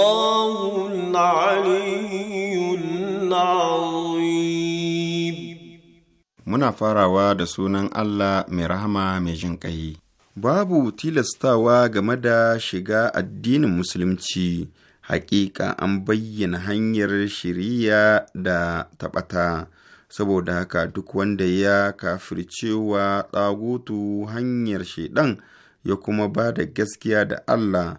الله muna farawa da sunan Allah mai rahama mai jin ƙai. Babu tilastawa game da shiga addinin Musulunci, hakika an bayyana hanyar shiriya da taɓata, saboda haka duk wanda ya kafircewa tsagutu hanyar shaidan ya kuma ba da gaskiya da Allah.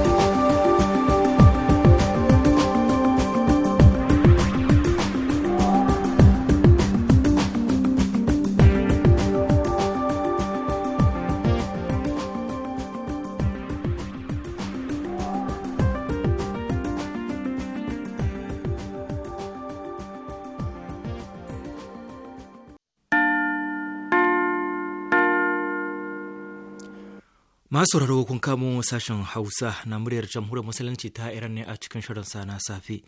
Masu raro kun kamo sashen Hausa na muryar jamhuriyar musulunci ta Iran ne a cikin shirin sa na safe.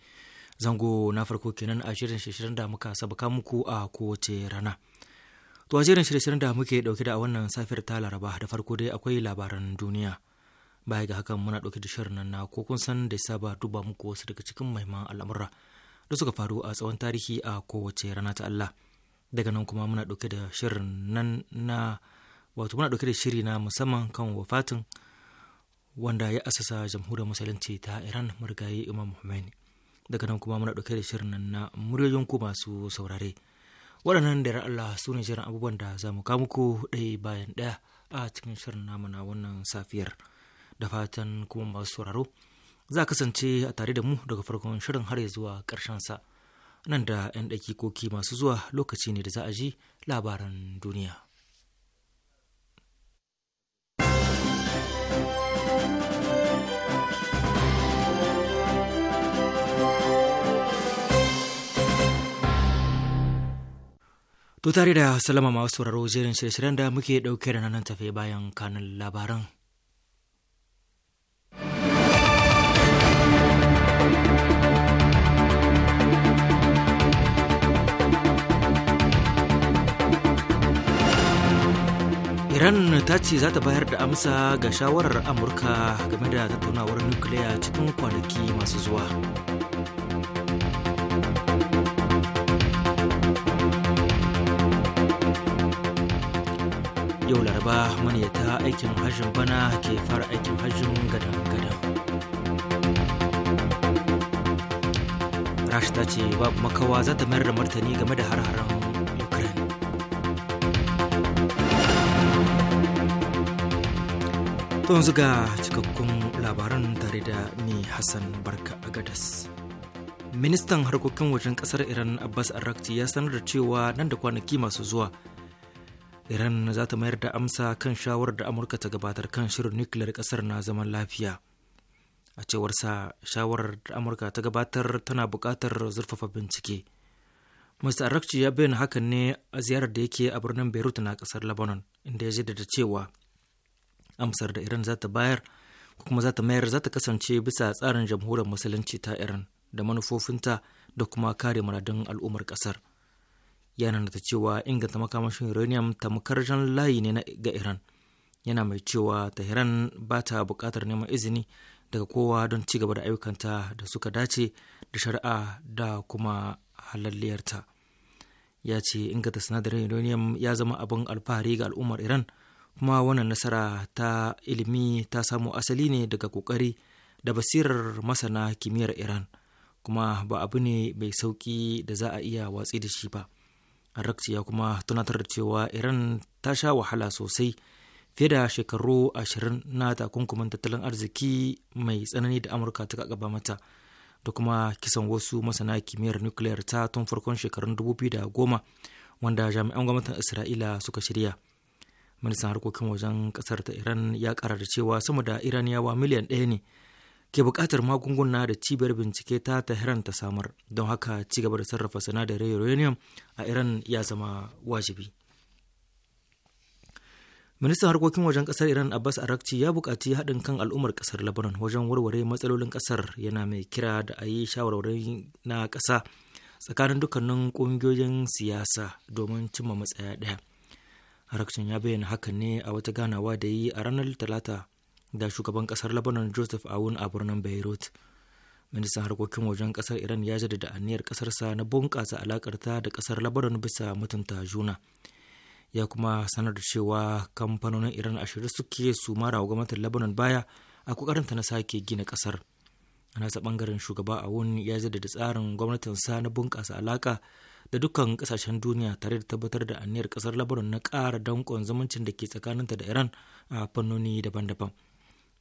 Zango na farko kenan a shirin shirin da muka sabaka muku a kowace rana. To a shirin shirin da muke dauke da a wannan safiyar ta Laraba da farko dai akwai labaran duniya. Baya ga hakan muna dauke da shirin nan na ko kun san da saba duba muku wasu daga cikin mahimman al'amura da suka faru a tsawon tarihi a kowace rana ta Allah. Daga nan kuma muna dauke da shirin nan na wato muna dauke da shiri na musamman kan wafatin wanda ya asasa jamhuriyar musulunci ta iran marigayi imam Khomeini daga nan kuma muna dauke da shirin nan na muryoyin ku masu saurare waɗannan da Allah su ne shirin abubuwan da za mu kawo muku ɗaya bayan ɗaya a cikin shirin namu na wannan safiyar da fatan kuma masu sauraro za kasance a tare da mu daga farkon shirin har zuwa ƙarshen sa nan da 'yan ɗaki koki masu zuwa lokaci ne da za a ji labaran duniya. To tare da salama masu sauraro jerin shirye-shiryen da muke ɗauke da nan tafe bayan kanin labaran. Iran ta ce za ta bayar da amsa ga shawarar Amurka game da tattaunawar nukiliya cikin kwanaki masu zuwa. laraba maniyata aikin hajjin bana ke fara aikin hajjin gadan-gadan rashi ta ce babu makawa za ta mayar da martani game da har-haren ukraine to yanzu cikakkun labaran tare da ni hassan barka Gadas. ministan harkokin wajen kasar iran abbas arakti ya sanar da cewa nan da kwanaki masu zuwa iran za ta mayar da amsa kan shawarar da amurka ta gabatar kan shirin nukiliyar kasar na zaman lafiya a cewar sa shawarar da amurka ta gabatar tana bukatar zurfafa bincike mr arakci ya bayyana hakan ne a ziyarar da yake a birnin beirut na kasar lebanon inda ya jaddada cewa amsar da iran za ta bayar ko kuma za ta mayar za ta kasance bisa tsarin jamhuriyar musulunci ta iran da manufofinta da kuma kare muradun al'ummar kasar ya nanata cewa inganta makamashin uranium tamkar jan layi ne ga iran yana mai cewa tehran ba ta bukatar neman izini daga kowa don ci gaba da ayyukanta da suka dace da shari'a da kuma halalliyarta ya ce inganta sinadarin uranium ya zama abin alfahari ga al'ummar iran kuma wannan nasara ta ilimi ta samo asali ne daga kokari da basirar masana kimiyyar iran kuma ba abu ne mai sauƙi da za a iya watsi da shi ba Arrakci ya kuma tunatar da cewa Iran ta sha wahala sosai fiye da shekaru ashirin na takunkumin tattalin arziki mai tsanani da Amurka ta gaba mata da kuma kisan wasu masana kimiyyar nukiliyar ta tun farkon shekarun 2010 wanda jami'an gwamnatin Isra'ila suka shirya. Ministan harkokin wajen kasar ta Iran ya kara da cewa sama da Iraniyawa miliyan ɗaya ne ke buƙatar magunguna da cibiyar bincike ta Tehran ta samar don haka ci gaba da sarrafa sinadarin uranium a Iran ya zama wajibi. Ministan harkokin wajen kasar Iran Abbas Arakci ya buƙaci haɗin kan al'ummar kasar Lebanon wajen warware matsalolin ƙasar yana mai kira da a yi shawarwari na ƙasa tsakanin dukkanin ƙungiyoyin siyasa domin cimma matsaya ɗaya. Arakcin ya bayyana haka ne a wata ganawa da yi a ranar Talata da shugaban kasar Lebanon Joseph awun a birnin Beirut. Ministan harkokin wajen kasar Iran ya jaddada aniyar kasarsa na bunƙasa ta da kasar Lebanon bisa mutunta juna. Ya kuma sanar da cewa kamfanonin Iran shirye suke su mara wa gwamnatin Lebanon baya a kokarin ta na sake gina kasar. A nasa bangaren shugaba awun ya jaddada tsarin gwamnatin sa na bunƙasa alaƙa da dukkan kasashen duniya tare da tabbatar da aniyar kasar Lebanon na ƙara danƙon zumuncin da ke tsakaninta da Iran a fannoni daban-daban.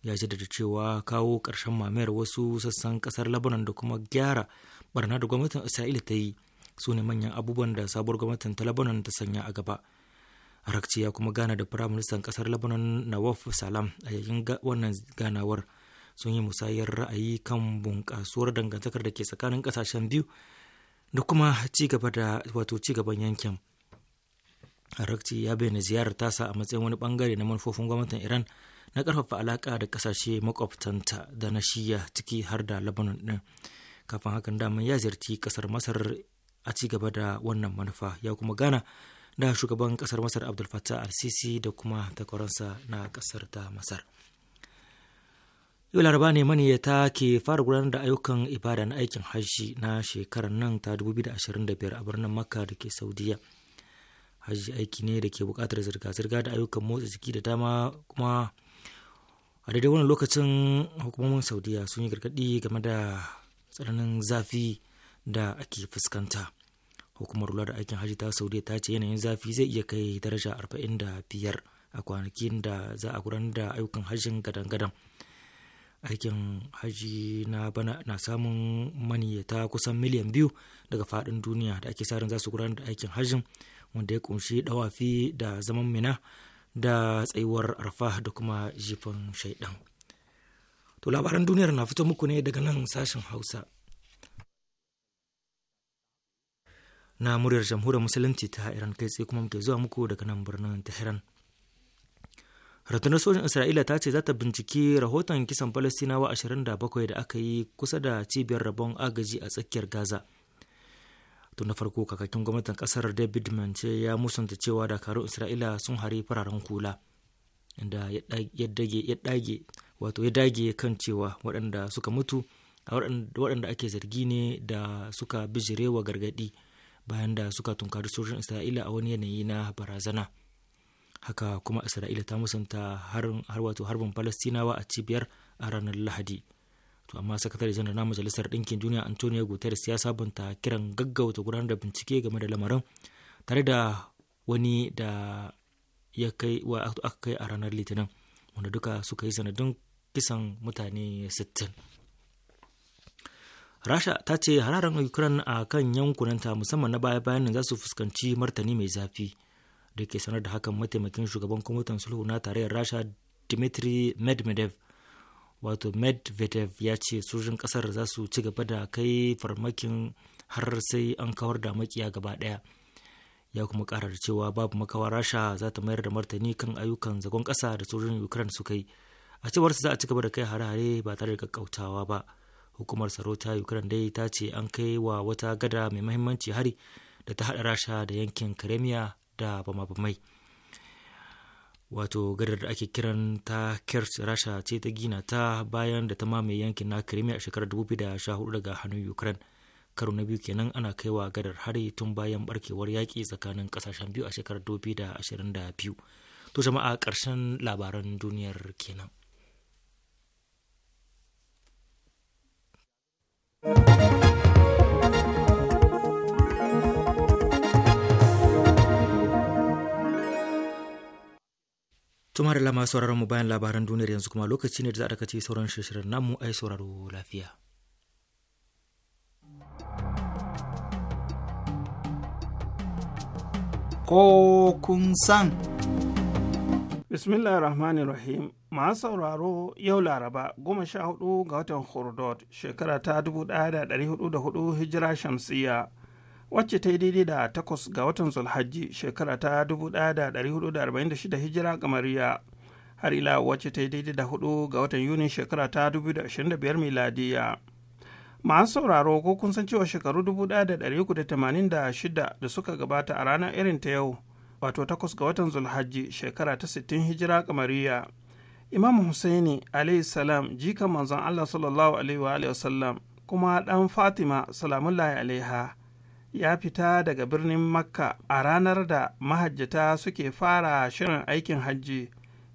ya jaddada cewa kawo karshen mamayar wasu sassan kasar labanan da kuma gyara barna da gwamnatin isra'ila ta yi su ne manyan abubuwan da sabuwar gwamnatin ta labanan ta sanya a gaba arakci ya kuma gana da firaministan ƙasar labanan nawaf salam a yayin wannan ganawar sun yi musayar ra'ayi kan bunƙasuwar dangantakar da ke tsakanin ƙasashen biyu da kuma ci gaba da wato ci gaban yankin arakci ya bayyana ziyarar tasa a matsayin wani bangare na manufofin gwamnatin iran na ƙarfafa alaka da kasashe makwabtanta da na shiya ciki har da Lebanon ɗin. Kafin hakan daman ya ziyarci kasar Masar a ci gaba da wannan manufa ya kuma gana da shugaban kasar Masar Abdul Fattah al-Sisi da kuma takwaransa na kasar ta Masar. Yau laraba ne maniyyata ke fara gudanar da ayyukan ibada na aikin hajji na shekarar nan ta 2025 a birnin Makka da ke Saudiya. Hajji aiki ne da ke buƙatar zirga-zirga da ayyukan motsa jiki da dama kuma a daidai wani lokacin hukumomin saudiya sun yi gargaɗi game da tsananin zafi da ake fuskanta hukumar lura da aikin hajji ta saudiya ta ce yanayin zafi zai iya kai daraja arba'in da biyar a kwanakin da za a gudanar da ayyukan hajjin gadan aikin hajji na bana na samun maniyyata kusan miliyan biyu daga fadin duniya da ake sa ran za su gudanar da aikin hajjin wanda ya kunshi dawafi da zaman mina da tsayuwar arfa da kuma jifan shaidan to labaran duniyar na fito muku ne daga nan sashen hausa na muryar jamhuriyar musulunci ta iran kai tsaye kuma muke zuwa muku daga nan birnin tehran rundunar sojin isra'ila ta ce za ta binciki rahoton kisan falastinawa 27 da aka yi kusa da cibiyar rabon agaji a tsakiyar gaza tun da farko kakakin gwamnatin kasar david mance ya musanta cewa dakarun isra'ila sun hari fararen kula inda ya dage wato ya dage kan cewa waɗanda suka mutu a waɗanda ake zargi ne da suka bijirewa gargaɗi bayan da suka tunkari sojin isra'ila a wani yanayi na barazana haka kuma isra'ila ta musanta har wato harbin palestinawa a cibiyar a ranar lahadi to amma sakatare janar na majalisar ɗinkin duniya antonio guterres ya sabunta kiran gaggauta gudanar da bincike game da lamarin tare da wani da ya kai wa aka kai a ranar litinin wanda duka suka yi sanadin kisan mutane 60 rasha ta ce hararen ukraine a kan yankunanta musamman na baya-bayan nan za su fuskanci martani mai zafi da ke sanar da hakan mataimakin shugaban kwamitin sulhu na tarayyar rasha dmitry medvedev wato medvedev ya ce sojin kasar za su ci gaba da kai farmakin har sai an kawar da makiya gaba daya ya kuma kara cewa babu makawa rasha za ta mayar da martani kan ayyukan zagon kasa da sojin ukraine suka yi a cewar za a ci gaba da kai hare-hare ba tare da kakkautawa ba hukumar tsaro ta ukraine dai ta ce an kai wa wata gada mai mahimmanci hari da ta haɗa rasha da yankin Karemiya da bama-bamai wato gadar da ake kiran ta kerch rasha ce ta gina ta bayan da ta mamaye yankin na crimea a shekarar 2014 daga hannun ukraine karo na biyu kenan ana kaiwa gadar hari tun bayan barkewar yaƙi tsakanin kasashen biyu a shekarar 2022 to jama'a ƙarshen labaran duniyar kenan Tuma da lama sauraron mu bayan labaran duniyar yanzu kuma lokaci ne da za a dakace sauran shirin namu ai sauraro lafiya. Ko kun san. rahim Masu sauraro yau Laraba goma sha hudu ga watan Hurdot shekara ta dubu ɗaya da ɗari hudu da hudu hijira shamsiyya. wacce ta yi daidai da takwas ga watan zulhajji shekara ta 1446 hijira kamariya har ila wacce ta yi daidai da hudu ga watan Yuni shekara ta 2025 miladiya Ma'an sauraro ko kun san cewa shekaru 1386 da suka gabata a ranar irin ta yau wato takwas ga watan zulhajji shekara ta 60 hijira kamariya imam husaini alayhi salam jikan manzon allah sallallahu alaihi wa sallam kuma dan fatima salamullahi alaiha ya fita daga birnin makka a ranar da mahajjata suke fara shirin aikin hajji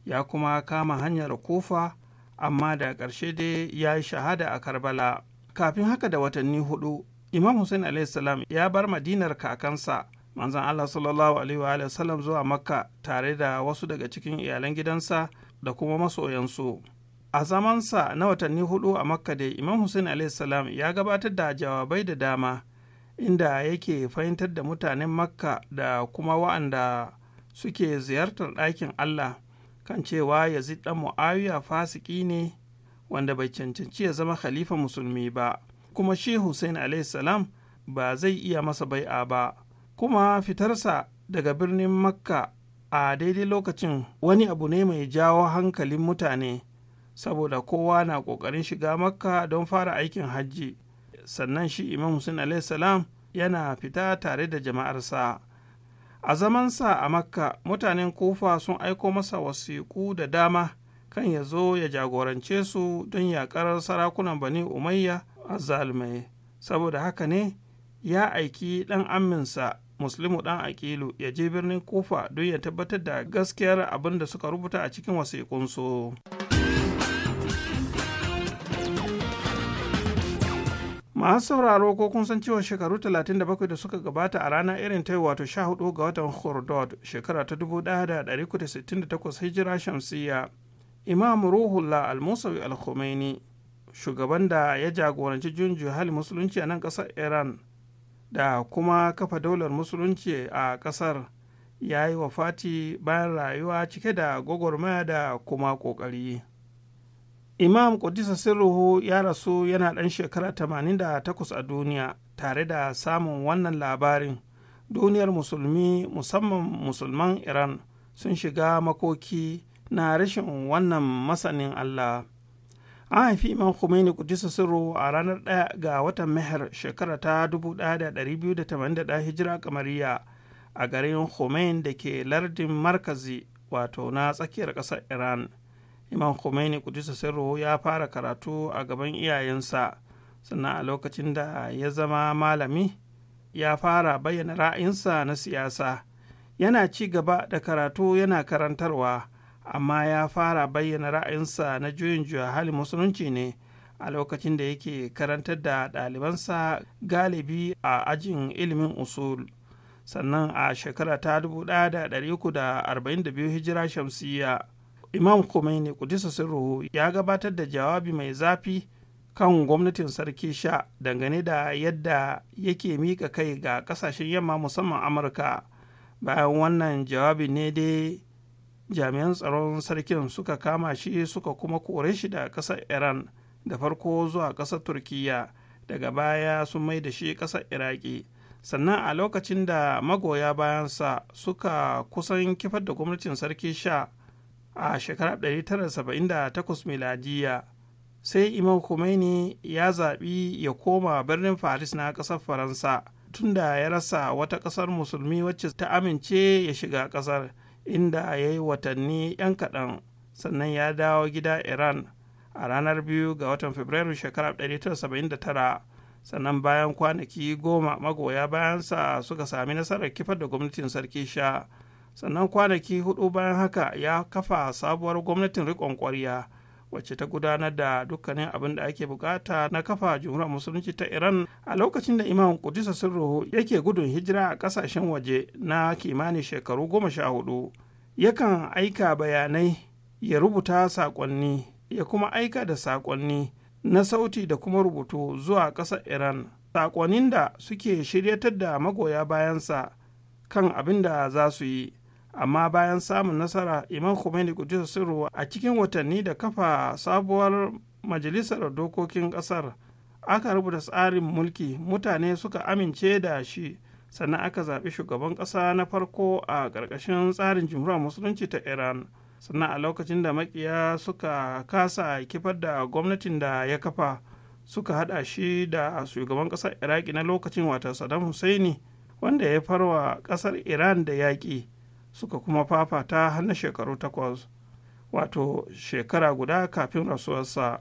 ya kuma kama hanyar kofa amma da ƙarshe dai ya yi shahada a karbala kafin haka da watanni hudu imam hussein salam ya bar madinar kakansa manzan allah sallallahu alaihi wa sallam zuwa makka tare da wasu daga cikin iyalan gidansa da kuma masoyansu a zamansa na watanni hudu a makka dai imam hussein salam ya gabatar da jawabai da dama inda yake fahimtar da mutanen makka da kuma wa'anda suke ziyartar ɗakin allah kan cewa yazid ɗan mu'awiya fasiki ne wanda bai cancanci ya zama khalifa musulmi ba kuma shi hussein salam ba zai iya masa bai'a ba kuma fitarsa daga birnin makka a daidai lokacin wani abu ne mai jawo hankalin mutane saboda kowa na ƙoƙarin shiga makka don fara aikin hajji sannan shi imam Hussein salam yana fita tare da jama'arsa a sa a makka mutanen kufa sun aiko masa wasiƙu da dama kan ya zo ya jagorance su don yaƙar sarakunan bani umayya Azalmai. saboda haka ne ya aiki ɗan aminsa muslimu ɗan aƙilu ya je birnin kufa don ya tabbatar da gaskiyar abin da suka rubuta a cikin wasiƙunsu. masu sauraro ko kun san cewa shekaru 37 da suka gabata a rana irin ta wato 14 ga watan hordod shekara ta 1968 hijira shamsiya imam ruhullah al-musawi al-khomeini shugaban da ya jagoranci junju hali musulunci a nan kasar iran da kuma kafa daular musulunci a kasar ya yi wa fati bayan rayuwa cike da gwagwarmaya da kuma kokari imam kudisa sirruhu ya rasu yana ɗan shekara 88 a duniya tare da samun wannan labarin duniyar musulmi musamman musulman iran sun shiga makoki na rashin wannan masanin allah an haifi imam khomeini kudisa Sirruhu a ranar 1 ga watan meher shekara ta 1281 hijira kamariya a garin khomeini da ke lardin markazi wato na tsakiyar ƙasar iran imam khomeini kudisa sirru ya fara karatu a gaban iyayensa sannan a lokacin da ya zama malami ya fara bayyana ra'ayinsa na siyasa yana ci gaba da karatu yana karantarwa amma ya fara bayyana ra'ayinsa na juyin juya hali musulunci ne a lokacin da yake karantar da ɗalibansa galibi a ajin ilimin usul sannan a shekara ta 1342 hijira shamsiyya imam khomeini kudisa sirruhu ya gabatar da jawabi mai zafi kan gwamnatin sarki sha dangane da yadda yake mika kai ga kasashen yamma musamman amurka bayan wannan jawabi ne dai jami'an tsaron sarkin suka kama shi suka kuma kore shi da ƙasar iran da farko zuwa ƙasar turkiya daga baya sun mai da shi ƙasar iraki sannan a lokacin da magoya bayansa suka kusan kifar da gwamnatin sarki sha a shekarar 1978 miladiya sai imam Khomeini ya zaɓi ya koma birnin Faris na ƙasar Faransa tunda ya rasa wata ƙasar musulmi wacce ta amince ya shiga ƙasar inda ya yi watanni 'yan kaɗan sannan ya dawo gida Iran a ranar biyu ga watan Fabrairu shekarar 1979 sannan bayan kwanaki goma magoya bayansa suka sami nasarar kifar da gwamnatin sarki sha sannan kwanaki hudu bayan haka ya kafa sabuwar gwamnatin rikon kwarya wacce ta gudanar da dukkanin abin da ake bukata na kafa jumhuriyar musulunci ta iran a lokacin da imam kudisa sirru yake gudun hijira a kasashen waje na kimanin shekaru goma sha hudu yakan aika bayanai ya rubuta saƙonni ya kuma aika da saƙonni na sauti da kuma rubutu zuwa ƙasar iran saƙonnin da suke shiryatar da magoya bayansa kan abin da za su yi amma bayan samun nasara imam khomeini kudisa sirruwa a cikin watanni da kafa sabuwar majalisar dokokin kasar aka rubuta tsarin mulki mutane suka amince da shi sannan aka zaɓi shugaban ƙasa na farko a ƙarƙashin tsarin jumhuriyar musulunci ta iran sannan a lokacin da makiya suka kasa kifar da gwamnatin da ya kafa suka haɗa shi da shugaban ƙasar iraki na lokacin wata saddam husaini wanda ya farwa ƙasar iran da yaƙi suka kuma fafata har na shekaru takwas wato shekara guda kafin rasuwarsa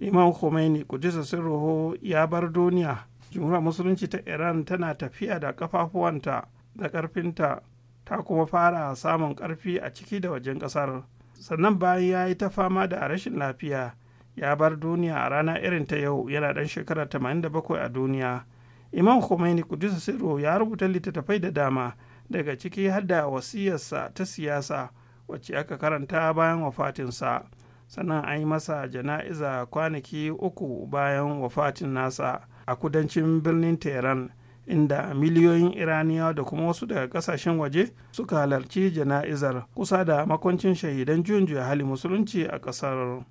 imam khomeini kudisa sirruhu ya bar duniya jumhuriyar musulunci ta iran tana tafiya da kafafuwanta da karfinta ta kuma fara samun ƙarfi a ciki da wajen ƙasar sannan bayan ya yi ta fama da rashin lafiya ya bar duniya a rana irin ta yau yana ɗan shekara 87 a duniya imam khomeini kudisa sirruhu ya rubuta littattafai da dama daga ciki hada wasiyarsa ta siyasa wacce aka karanta bayan wafatinsa sannan an yi masa jana'iza kwanaki uku bayan wafatin nasa a kudancin birnin tehran inda miliyoyin iraniya da kuma wasu daga kasashen waje suka halarci jana'izar kusa da makwancin shahidan juyin hali musulunci a ƙasar.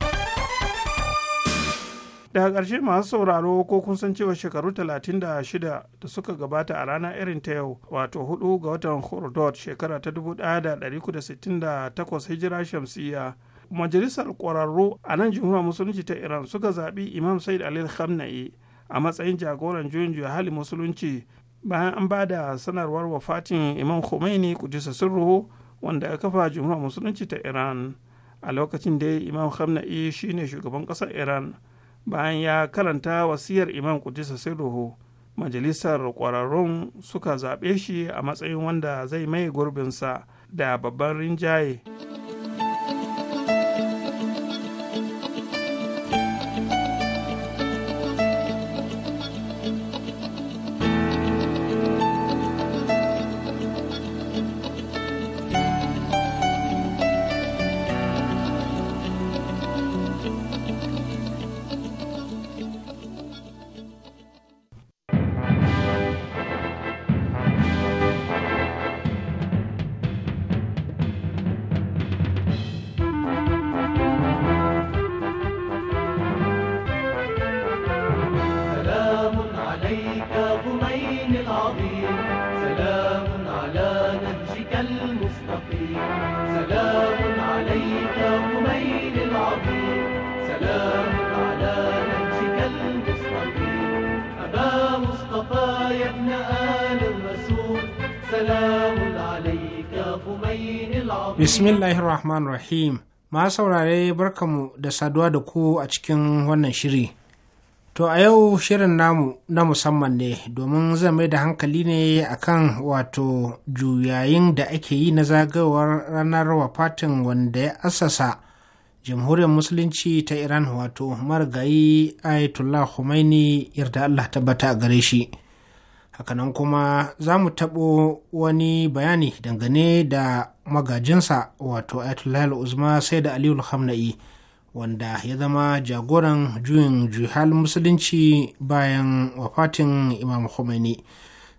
daga ƙarshe masu sauraro ko kun san cewa shekaru 36 da suka gabata a rana irin ta yau wato 4 ga watan hurdot shekara ta 1968 hijira shamsiya majalisar ƙwararru a nan jihuna musulunci ta iran suka zaɓi imam said alil khamna'i a matsayin jagoran juyin juya hali musulunci bayan an ba da sanarwar wafatin imam khomeini kudisa sirru wanda ya kafa jihuna musulunci ta iran a lokacin da imam khamna'i shine shugaban ƙasar iran bayan ya karanta wasiyar imam kudisa siruhu majalisar kwararrun suka zaɓe shi a matsayin wanda zai mai gurbinsa da babban rinjaye. bismillahir rahmanir rahim ma saurare barkamu da saduwa da ku a cikin wannan shiri to a yau shirin namu na musamman ne domin zan mai da hankali ne akan wato juyayin da ake yi na zagayowar ranar wafatin wanda ya asasa jamhuriyar musulunci ta iran wato marigayi ayatollah khomeini yarda allah tabbata a gare shi hakanan kuma za mu taɓo wani bayani dangane da magajinsa wato ayatollah uzma sai da aliyu hamna'i wanda ya zama jagoran juyin juhal musulunci bayan wafatin imam khomeini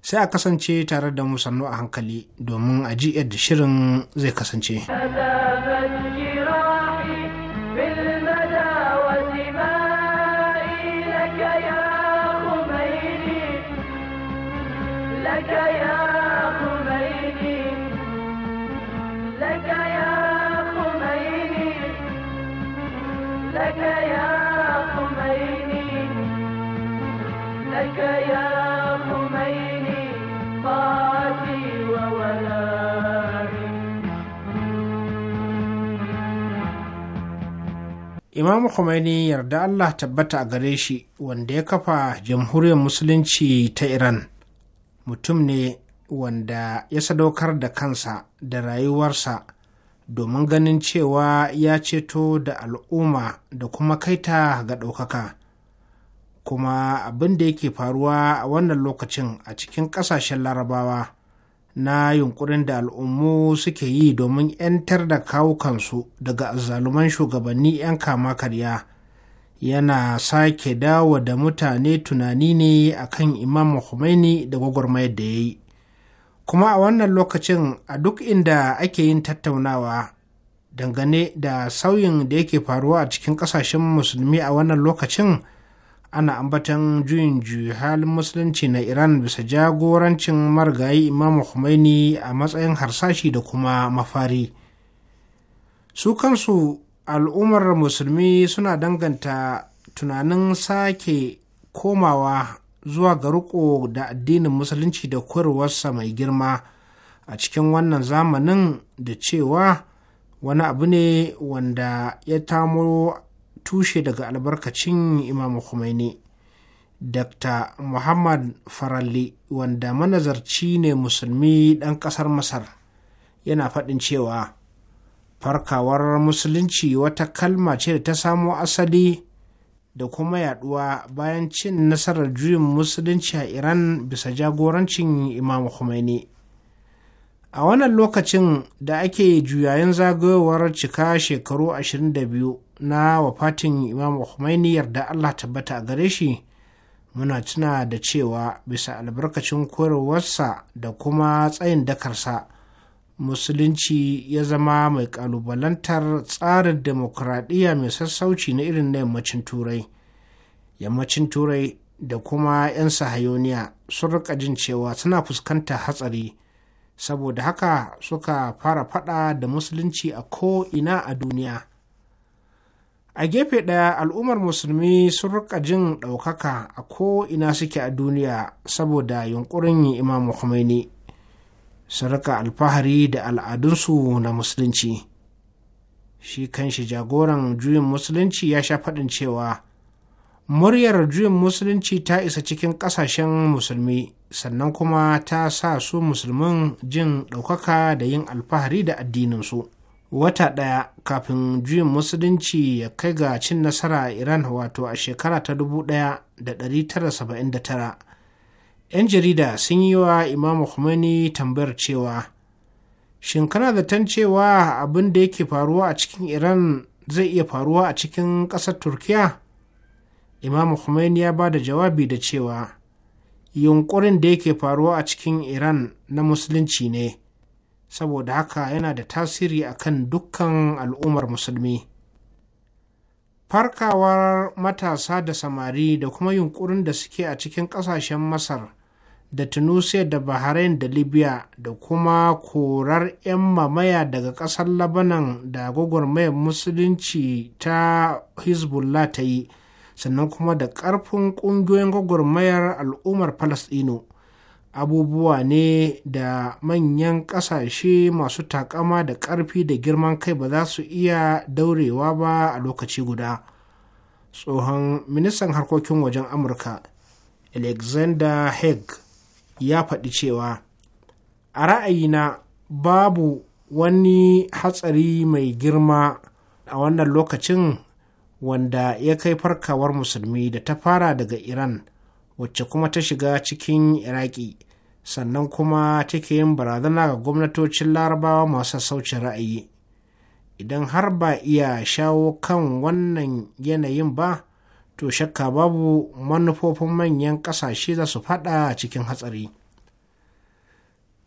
sai a kasance tare da musannu a hankali domin a ji yadda shirin zai kasance. imamu khomeini yarda allah tabbata a gare shi wanda ya kafa jamhuriyar musulunci ta iran mutum ne wanda ya sadaukar da kansa da rayuwarsa domin ganin cewa ya ceto da al'umma da kuma kaita ga ɗaukaka kuma abin da yake faruwa a wannan lokacin a cikin ƙasashen larabawa na yunkurin da al'ummu suke yi domin 'yantar da kawukansu daga azzaluman shugabanni 'yan kama karya yana sake dawo da mutane tunani ne akan imam Khomeini da gwagwarmayar da ya yi kuma a wannan lokacin a duk inda ake yin tattaunawa dangane da sauyin da yake faruwa a cikin kasashen musulmi a wannan lokacin ana ambatan juyin juyi halin musulunci na iran bisa jagorancin marigayi imamu khomeini a matsayin harsashi da kuma mafari su kansu al'ummar musulmi suna danganta tunanin sake komawa zuwa ga riko da addinin musulunci da koyarwarsa mai girma a cikin wannan zamanin da cewa wani abu ne wanda ya tamo tushe daga albarkacin imam Khomeini. Dr. Muhammad Faralli wanda manazarci ne musulmi ɗan ƙasar Masar yana faɗin cewa farkawar musulunci wata kalma ce da ta samo asali da kuma yaduwa bayan cin nasarar juyin musulunci a Iran bisa jagorancin Imam Khomeini. A wannan lokacin da ake juyayen zagayowar cika shekaru 22 na wafatin imam Khomeini yarda Allah tabbata a gare shi muna tuna da cewa bisa albarkacin koyarwarsa da kuma tsayin dakarsa musulunci ya zama mai kalubalantar tsarin demokuraɗiyya mai sassauci na irin na yammacin turai yammacin turai da kuma 'yan sahayoniya sun rika jin cewa suna fuskanta hatsari saboda haka suka fara fada da musulunci a ko'ina a duniya a gefe ɗaya al'ummar musulmi sun rika jin ɗaukaka a ko ina suke a duniya saboda yunkurin yi imam Khomeini sun rika alfahari da al'adunsu na musulunci shi kanshi jagoran juyin musulunci ya sha faɗin cewa muryar juyin musulunci ta isa cikin ƙasashen musulmi sannan kuma ta sa su musulmin jin ɗaukaka da yin alfahari da addininsu. wata ɗaya kafin juyin musulunci ya kai ga cin nasara a iran wato a shekara ta 1979 'yan jarida sun yi wa imamu khomeini tambayar cewa shin kana zaton cewa abin da yake faruwa a cikin iran zai iya faruwa a cikin ƙasar turkiya imamu khomeini ya ba da jawabi da cewa yunkurin da yake faruwa a cikin iran na musulunci ne saboda haka yana da tasiri akan dukkan al'ummar musulmi farkawar matasa da samari da kuma yunkurin da suke a cikin ƙasashen masar da tunisia da bahrain da libya da kuma korar 'yan mamaya daga ƙasar labanan da gwagwarmayar musulunci ta hezbollah ta yi sannan kuma da ƙarfin ƙungiyoyin gwagwarmayar al'ummar falasɗinu abubuwa ne da manyan ƙasashe masu takama da ƙarfi da girman kai ba za su iya daurewa ba a lokaci guda tsohon ministan harkokin wajen amurka alexander haig ya faɗi cewa a ra'ayina babu wani hatsari mai girma a wannan lokacin wanda ya kai farkawar musulmi da ta fara daga iran wacce kuma ta shiga cikin iraki sannan kuma take yin barazana ga gwamnatocin larabawa masu saucin ra'ayi idan har ba iya shawo kan wannan yanayin ba to shakka babu manufofin manyan ƙasashe za su fada cikin hatsari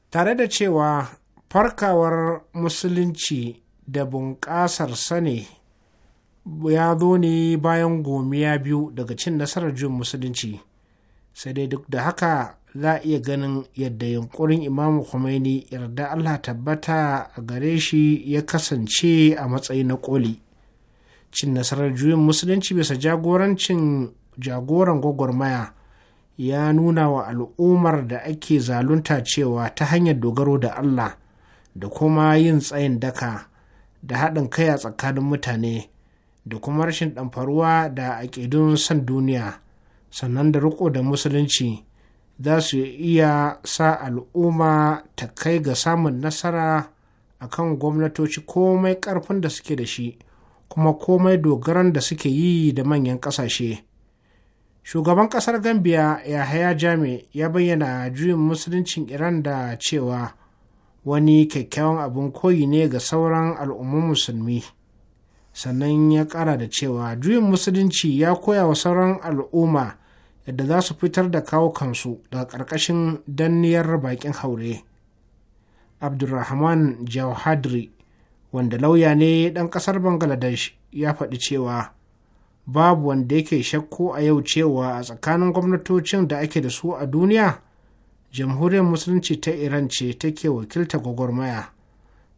tare da cewa farkawar musulunci da bunƙasar sane ya zo ne bayan gomiya biyu daga cin nasarar jin musulunci sai dai duk da haka za a iya ganin yadda yunkurin imamu Khomeini yarda Allah tabbata a gare shi ya kasance a matsayi na koli cin nasarar juyin musulunci bisa jagorancin jagoran gwagwarmaya ya nuna wa al'ummar da ake zalunta cewa ta hanyar dogaro da Allah da kuma yin tsayin daka da haɗin kai a tsakanin mutane da kuma rashin ɗamfaruwa da aƙidun san duniya sannan da riko da musulunci za su iya sa al'umma ta kai ga samun nasara a kan gwamnatoci komai ƙarfin da suke da shi kuma komai dogaran da suke yi da manyan ƙasashe shugaban ƙasar gambia yahaya jami ya bayyana juyin musuluncin iran da cewa wani kyakkyawan abin koyi ne ga sauran al'ummun musulmi sannan ya ƙara da cewa juyin musulunci ya koya wa sauran al'umma yadda za su fitar da kawo kansu daga ƙarƙashin danniyar baƙin haure abdulrahman jawhadri wanda lauya ne ɗan ƙasar bangladesh ya faɗi cewa babu wanda yake shakku a yau cewa a tsakanin gwamnatocin da ake da su a duniya jamhuriyar musulunci ta iran ce take wakilta gwagwarmaya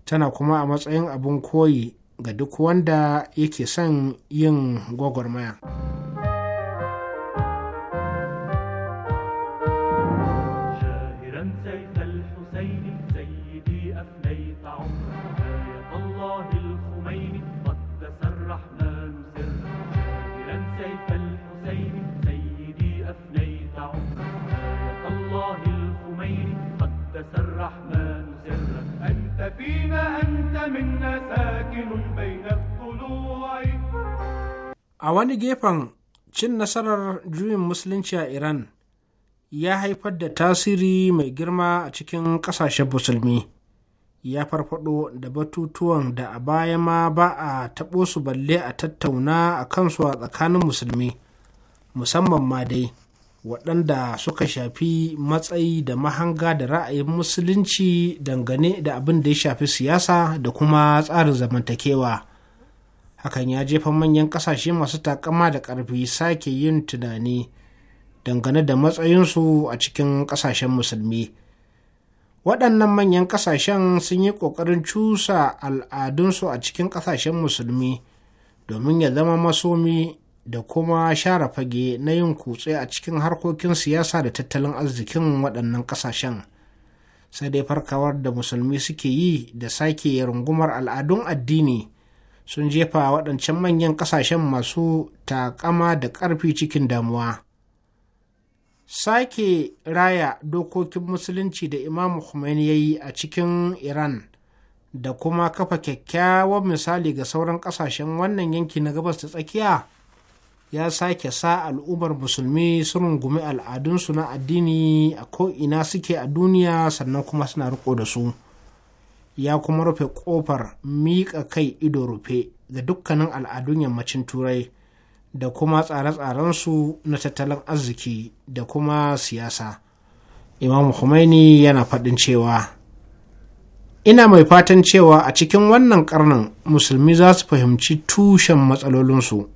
tana kuma a matsayin abin koyi ga duk wanda yake son yin gwagwarmaya. فينا أنت منا ساكن بين الضلوع A wani gefen cin nasarar juyin Musulunci a Iran ya haifar da tasiri mai girma a cikin ƙasashen musulmi, ya farfado da batutuwan da a baya ma ba a taɓo su balle a tattauna a kansu a tsakanin musulmi, musamman ma dai. waɗanda suka shafi matsayi da mahanga da ra'ayin musulunci dangane da abin da ya shafi siyasa da kuma tsarin zamantakewa hakan ya jefa manyan ƙasashe masu takama da ƙarfi sake yin tunani dangane da matsayinsu a cikin ƙasashen musulmi waɗannan manyan ƙasashen sun yi ƙoƙarin cusa al'adunsu a cikin ƙasashen musulmi domin ya zama masomi da kuma share fage na yin kutse a cikin harkokin siyasa da tattalin arzikin waɗannan ƙasashen sai dai farkawar da musulmi suke yi da sake rungumar al'adun addini sun jefa waɗancan manyan ƙasashen masu taƙama da ƙarfi cikin damuwa sake raya dokokin musulunci da imamu Khomeini ya yi a cikin iran da kuma kafa kyakkyawan misali ga sauran ƙasashen wannan yanki na gabas ta tsakiya ya sake sa al'ummar musulmi sun rungumi al'adunsu na addini a ko'ina suke a duniya sannan kuma suna riko da su ya kuma rufe kofar miƙa kai ido rufe ga dukkanin al'adun yammacin turai da kuma tsare-tsarensu na tattalin arziki da kuma siyasa imam Khomeini yana faɗin cewa ina mai fatan cewa a cikin wannan karnin musulmi za su fahimci tushen matsalolinsu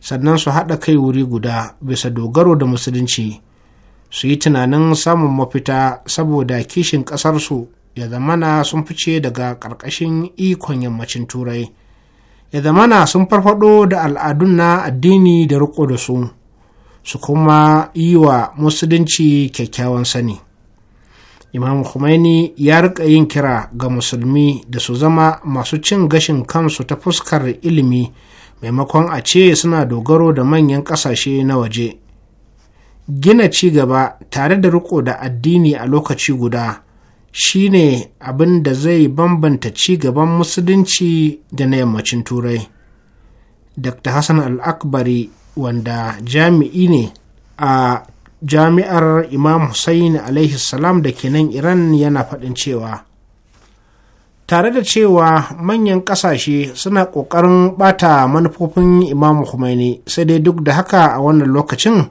sannan su haɗa kai wuri guda bisa dogaro da musulunci su yi tunanin samun mafita saboda kishin ƙasarsu ya zamana sun fice daga ƙarƙashin ikon yammacin turai ya zamana sun farfado da al'adun na addini da riko da su su kuma yi wa musulunci kyakkyawan sani imam Khomeini ya riƙa yin kira ga musulmi da su zama masu cin gashin kansu ta fuskar ilimi maimakon a ce suna dogaro da manyan ƙasashe na waje gina ci gaba tare da riko da addini a lokaci guda shine abin da zai bambanta ci gaban musulunci da na yammacin turai dr hassan al-akbari wanda jami'i ne a jami'ar imam hussain alaihi salam da ke nan iran yana faɗin cewa tare da cewa manyan ƙasashe suna ƙoƙarin ɓata manufofin Imam Khomeini sai dai duk da haka a wannan lokacin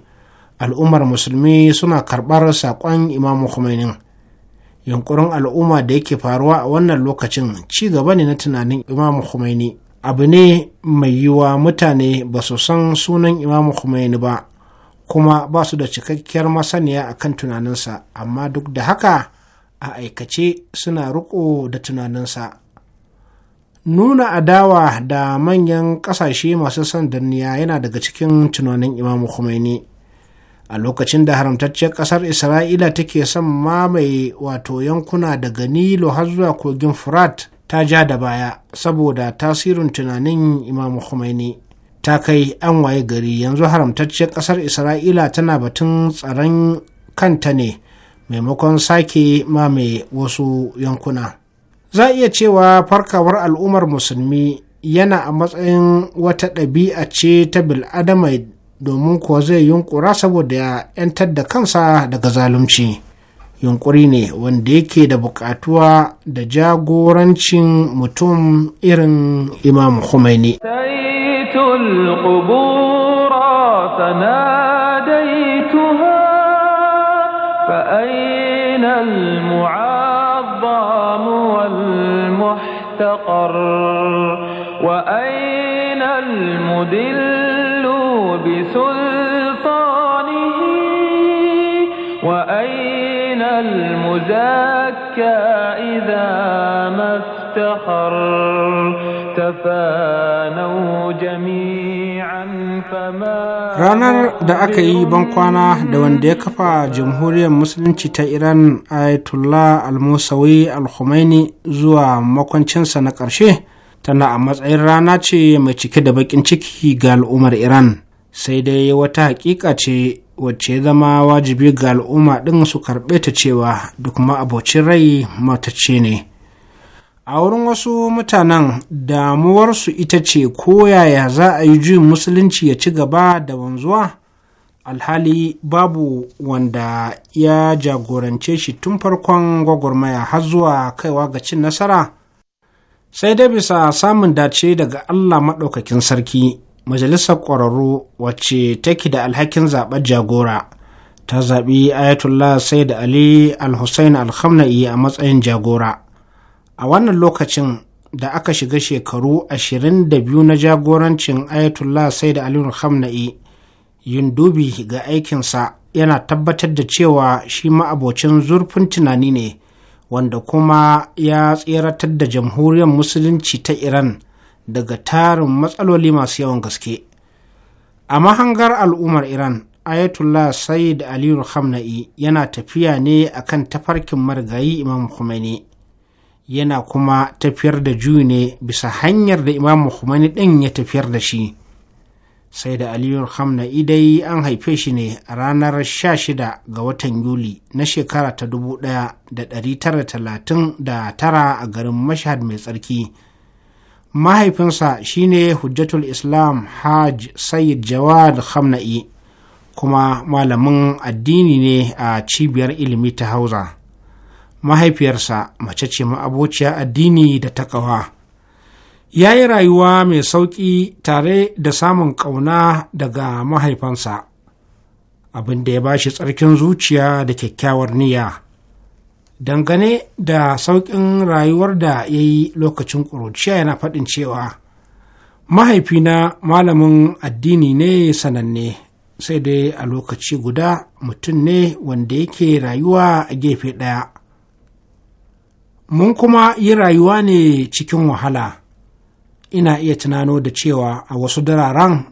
al'ummar musulmi suna karɓar saƙon imamu Khomeini. yunkurin al'umma da yake faruwa a wannan lokacin ci gaba ne na tunanin imamu Khomeini abu ne mai yiwa mutane ba su san sunan Imam Khomeini ba kuma ba su da cikakkiyar masaniya akan tunaninsa amma duk da haka a aikace suna riko da tunaninsa nuna adawa da manyan ƙasashe masu son danniya yana daga cikin tunanin imam Khomeini. a lokacin da haramtacciyar ƙasar isra'ila take son mamaye wato yankuna daga nilo har zuwa kogin furat ta ja da baya saboda tasirin tunanin imam Khomeini. ta kai an waye gari yanzu haramtacciyar ƙasar isra'ila tana batun tsaron kanta ne maimakon sake mamaye wasu yankuna za a iya cewa farkawar al'ummar musulmi yana a matsayin wata ɗabi'a ce ta bil'adamai domin kuwa zai yunkura saboda ya 'yantar da kansa daga zalunci yunkuri ne wanda yake da bukatuwa da jagorancin mutum irin imam Khomeini. ليضلوا بسلطانه وأين المزكى إذا ما افتخر تفانوا جميعا فما ranar da aka yi bankwana da wanda ya kafa jamhuriyar musulunci ta iran ayatollah al-musawi al-khomeini zuwa makwancinsa na ƙarshe tana a matsayin rana ce mai cike da bakin ciki ga al'ummar iran sai dai wata hakika ce wacce zama wajibi ga al'umma ɗin su karɓe ta cewa duk ma abocin rai matace ne a wurin wasu mutanen damuwarsu ita ce ko yaya za a yi juyin musulunci ya ci gaba da wanzuwa alhali babu wanda ya jagorance shi tun farkon gwagwarmaya har zuwa kaiwa ga cin nasara sai dai bisa samun dace daga allah maɗaukakin sarki majalisar ƙwararru wacce take da alhakin zaɓar jagora ta zaɓi ayatollah said ali al-hussein al-khamna'i a matsayin jagora a wannan lokacin da aka shiga shekaru ashirin da biyu na jagorancin ayatollah said ali al-khamna'i yin dubi ga aikinsa yana tabbatar da cewa shi ma'abocin zurfin tunani ne wanda kuma ya tseratar da jamhuriyar musulunci ta iran daga tarin matsaloli masu yawan gaske a mahangar al'ummar iran ayatollah sayyid aliyu hamna'i yana tafiya ne akan tafarkin marigayi imam khomeini yana kuma tafiyar da juyi ne bisa hanyar da imam khomeini ɗin ya tafiyar da shi sai da aliyu hamna idai an haife shi ne a ranar 16 ga watan yuli na shekara ta 1939 a garin mashhad mai tsarki mahaifinsa shine hujjatul islam hajj sayyid jawad hamna'i kuma malamin addini ne a cibiyar ilimi ta hauza mahaifiyarsa mace ce ma'abociya addini da takawa ya yi rayuwa mai sauƙi tare da samun ƙauna daga mahaifansa abin da ya ba shi tsarkin zuciya da kyakkyawar niyya dangane da sauƙin rayuwar da ya yi lokacin ƙuruciya yana faɗin cewa mahaifina malamin addini ne sananne sai dai a lokaci guda mutum ne wanda yake rayuwa a gefe ɗaya mun kuma yi rayuwa ne cikin wahala ina iya tunano da cewa a wasu dararen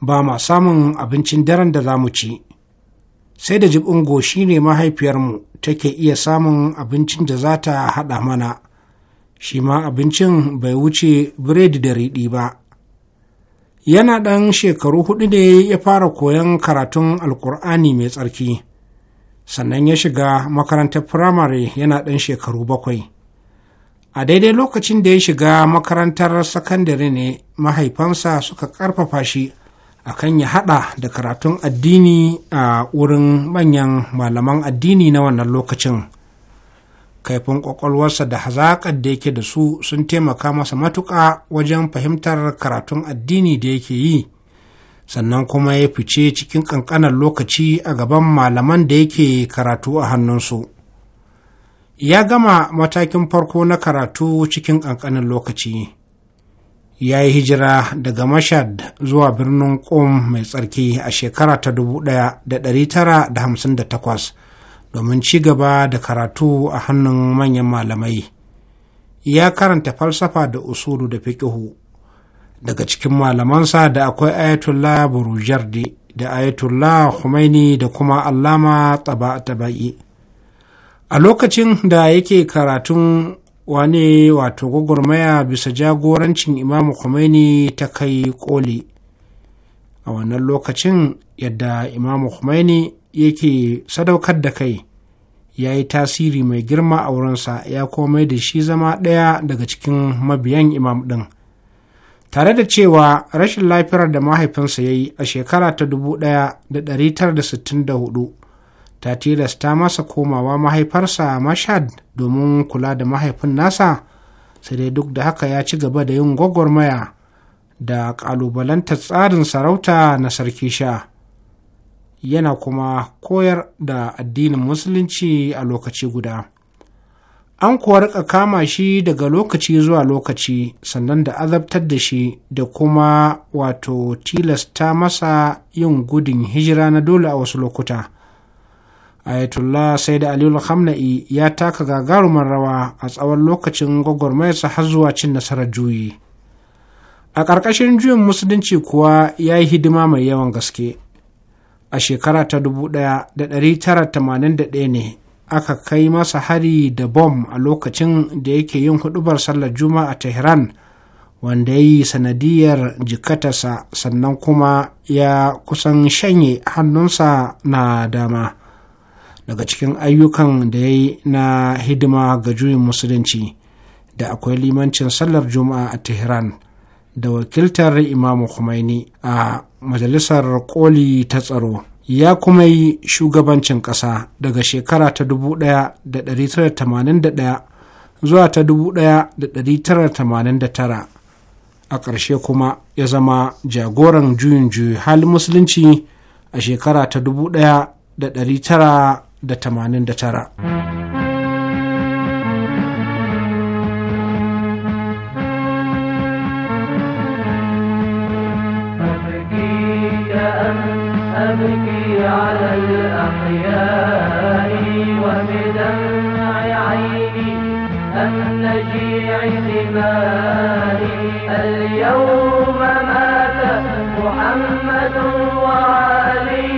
ba ma samun abincin daren da za mu ci sai da jibin goshi ne mahaifiyarmu take iya samun abincin da za ta haɗa mana shi ma abincin bai wuce biredi da riɗi ba yana ɗan shekaru hudu ne ya fara koyon karatun alkur'ani mai tsarki sannan ya shiga makarantar firamare yana ɗan shekaru bakwai a daidai lokacin da ya shiga makarantar sakandare ne mahaifansa suka ƙarfafa shi akan ya haɗa da karatun addini a wurin manyan malaman addini na wannan lokacin kaifin ƙwaƙwalwarsa da hazaƙa da yake da su sun taimaka masa matuƙa wajen fahimtar karatun addini da yake yi sannan kuma ya fice cikin ƙanƙanar lokaci a gaban malaman da yake karatu a hannunsu. ya gama matakin farko na karatu cikin ƙanƙanin lokaci ya yi hijira daga mashad zuwa birnin ƙom mai tsarki a shekara ta 1958 domin ci gaba da karatu a hannun manyan malamai ya karanta falsafa da usulu da fiƙihu daga cikin malamansa da akwai ayatollah burujardi da ayatollah khomeini da kuma allama taba-taba'i a lokacin da yake karatun wani wato gwagwarmaya bisa jagorancin imamu Khomeini ta kai koli a wannan lokacin yadda imamu Khomeini yake sadaukar da kai ya yi tasiri mai girma a wurinsa ya komai da shi zama ɗaya daga cikin mabiyan imam ɗin tare da cewa rashin lafiyar da mahaifinsa ya yi a shekara ta 1964 ta tilasta masa komawa mahaifarsa mashad domin kula da mahaifin nasa sai dai duk da haka ya ci gaba da yin gwagwarmaya da kalubalanta tsarin sarauta na sarki sha yana kuma koyar da addinin musulunci a lokaci guda an kuwa rika kama shi daga lokaci zuwa lokaci sannan da azabtar da shi da kuma wato tilasta masa yin gudun hijira na dole a wasu lokuta. ayatollah sai da aliyu hamna'i ya taka gagarumar rawa a tsawon lokacin gwagwarmayarsa har zuwa cin nasarar juyi a ƙarƙashin juyin musulunci kuwa ya yi hidima mai yawan gaske a shekara ta 1981 ne aka kai masa hari da bom a lokacin da yake yin hudubar sallar juma'a a tehran wanda ya yi sanadiyar jikatarsa sannan kuma ya kusan shanye hannunsa na dama daga cikin ayyukan da ya yi na hidima ga juyin musulunci da akwai limancin sallar juma'a a tehran da wakiltar imamu Khomeini a majalisar koli ta tsaro ya kuma yi shugabancin ƙasa daga shekara ta 1981 zuwa ta 1989 a ƙarshe kuma ya zama jagoran juyin juyi hali musulunci a shekara ta 1900 أبكي على الأحياء وبدمع عيني أم نجيع اليوم مات محمد وعلي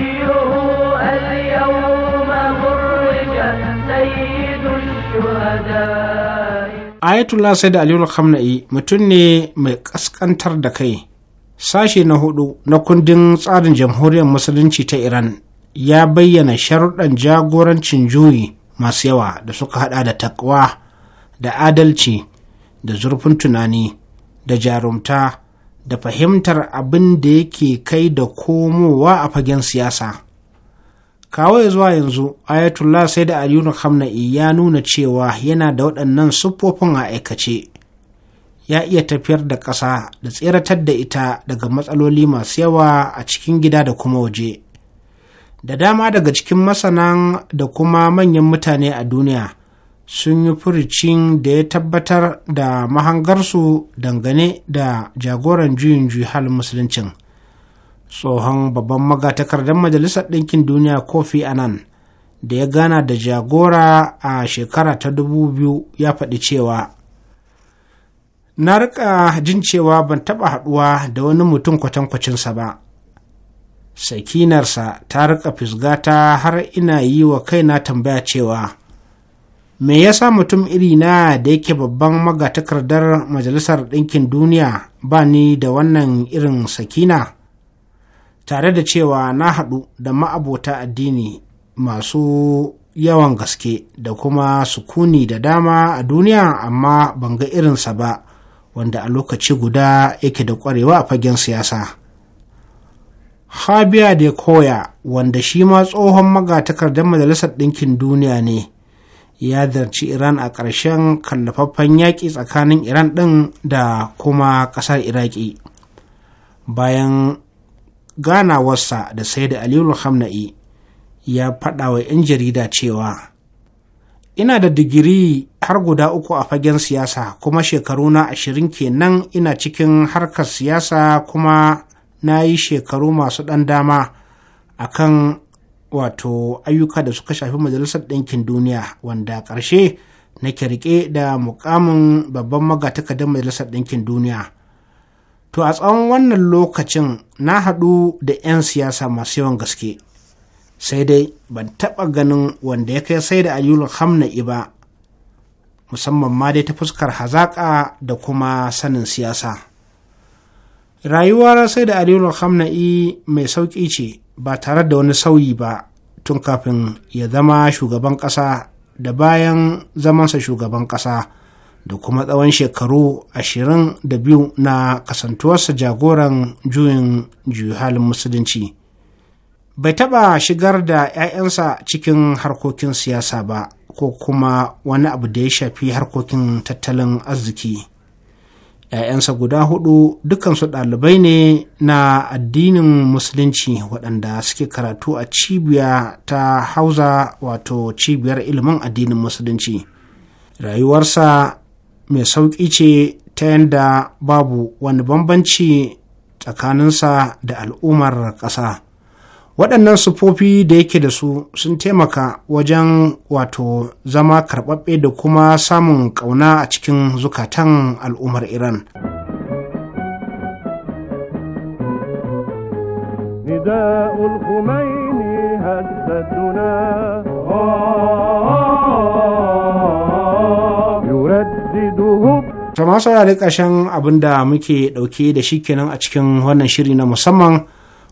Ayatullah Said Aliyu Khamna'i mutum ne mai kaskantar da kai. Sashe na hudu na kundin tsarin jamhuriyar musulunci ta Iran ya bayyana sharuɗan jagorancin juyi masu yawa da suka haɗa da takwa da adalci da zurfin tunani da jarumta da fahimtar abin da yake kai da komowa a fagen siyasa Kawai zuwa yanzu ayatollah sai da aliyu na ya nuna cewa yana da waɗannan siffofin a aikace ya iya tafiyar da ƙasa da tseratar da ita daga matsaloli masu yawa a cikin gida da kuma waje da dama daga cikin masanan da kuma manyan mutane a duniya sun yi furicin da ya tabbatar da mahangarsu dangane da jagoran juyin juyi halin musuluncin tsohon babban magatakardar majalisar ɗinkin duniya kofi anan da ya gana da jagora a shekara ta dubu biyu ya faɗi cewa na rika jin cewa ban taɓa haɗuwa da wani mutum kwatankwacinsa ba sakinarsa ta rika fisgata har ina yi wa kaina tambaya cewa me yasa mutum iri na da yake babban magatakardar majalisar ɗinkin duniya ba ni da wannan irin sakina tare da cewa na haɗu da ma'abota addini masu yawan gaske da kuma sukuni da dama a duniya amma ban ga irinsa ba wanda a lokaci guda yake da ƙwarewa a fagen siyasa. Habia de Koya wanda shi ma tsohon magatakardar Majalisar Ɗinkin Duniya ne ya zarci Iran a ƙarshen kallafaffen yaƙi tsakanin Iran ɗin da kuma ƙasar Iraki. Bayan ganawarsa da sai da aliyu hamna'i ya faɗa wa 'yan jarida cewa ina da digiri har guda uku a fagen siyasa kuma shekaru na ashirin kenan ina cikin harkar siyasa kuma na yi shekaru masu ɗan dama a kan wato ayyuka da suka shafi majalisar ɗinkin duniya wanda ƙarshe na riƙe da mukamin babban magatakardar majalisar ɗinkin duniya To a tsawon wannan lokacin na haɗu da 'yan siyasa masu yawan gaske, sai dai ban taɓa ganin wanda ya kai sai da ayyulun hamna ba, musamman ma dai ta fuskar hazaƙa da kuma sanin siyasa. Rayuwar sai da ayyulun hamna mai sauƙi ce ba tare da wani sauyi ba tun kafin ya zama shugaban ƙasa da bayan zamansa shugaban ƙasa. da kuma tsawon shekaru ashirin da biyu na kasantuwarsa jagoran juyin halin musulunci bai taɓa shigar da 'ya'yansa cikin harkokin siyasa ba ko kuma wani abu da ya shafi harkokin tattalin arziki 'ya'yansa guda hudu dukansu ɗalibai ne na addinin musulunci waɗanda suke karatu a cibiya ta hauza wato cibiyar ilimin addinin musulunci rayuwarsa mai sauƙi ce ta yadda babu wani bambanci tsakaninsa da al'ummar ƙasa waɗannan sufofi da yake da su sun taimaka wajen wato zama karɓaɓɓe da kuma samun ƙauna a cikin zukatan al'ummar iran نداء الخميني Jama'a saurari ƙarshen abin da muke ɗauke da shi kenan a cikin wannan shiri na musamman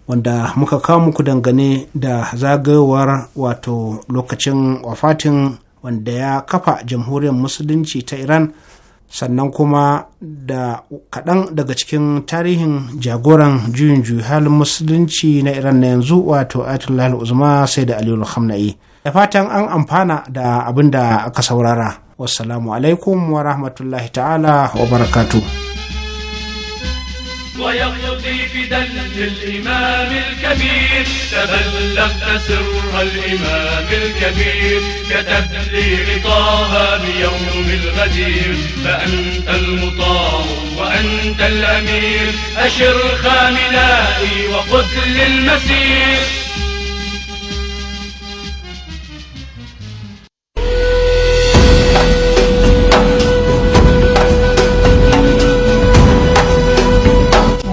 wanda muka kawo muku dangane da zagayowar wato lokacin wafatin wanda ya kafa jamhuriyar musulunci ta Iran sannan kuma da kaɗan daga cikin tarihin jagoran juyin halin musulunci na iran na yanzu wato ayatollah al'uzma sai da aliyu da fatan an amfana da abin da aka saurara wassalamu alaikum wa rahmatullahi ta'ala wa barakatu ويقضي بدلة الإمام الكبير تبلغت سر الإمام الكبير كتبت لي رضاها بيوم الغدير فأنت المطاع وأنت الأمير أشر خامنائي وخذ للمسير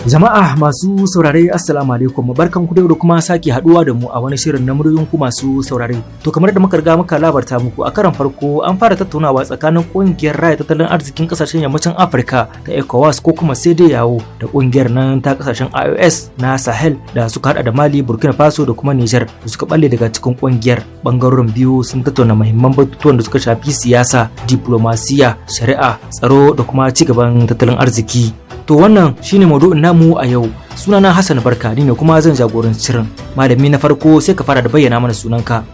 Jama'a masu saurare Assalamu alaikum barkan ku da kuma sake haduwa da mu a wani shirin na muryoyin ku masu saurare. To kamar da muka riga muka labarta muku a karan farko an fara tattaunawa tsakanin kungiyar raya tattalin arzikin kasashen yammacin Afirka ta ECOWAS ko kuma sede yawo da kungiyar nan ta kasashen IOS na Sahel da suka hada da Mali, Burkina Faso da kuma Niger da suka balle daga cikin kungiyar. Bangarorin biyu sun tattauna muhimman batutuwan da suka shafi siyasa, diplomasiya, shari'a, tsaro da kuma cigaban tattalin arziki. To wannan shine maudu'in namu a yau. Sunana Hassan Barka ni ne kuma zan jagoranci shirin. Malami na farko sai ka fara da bayyana mana sunanka.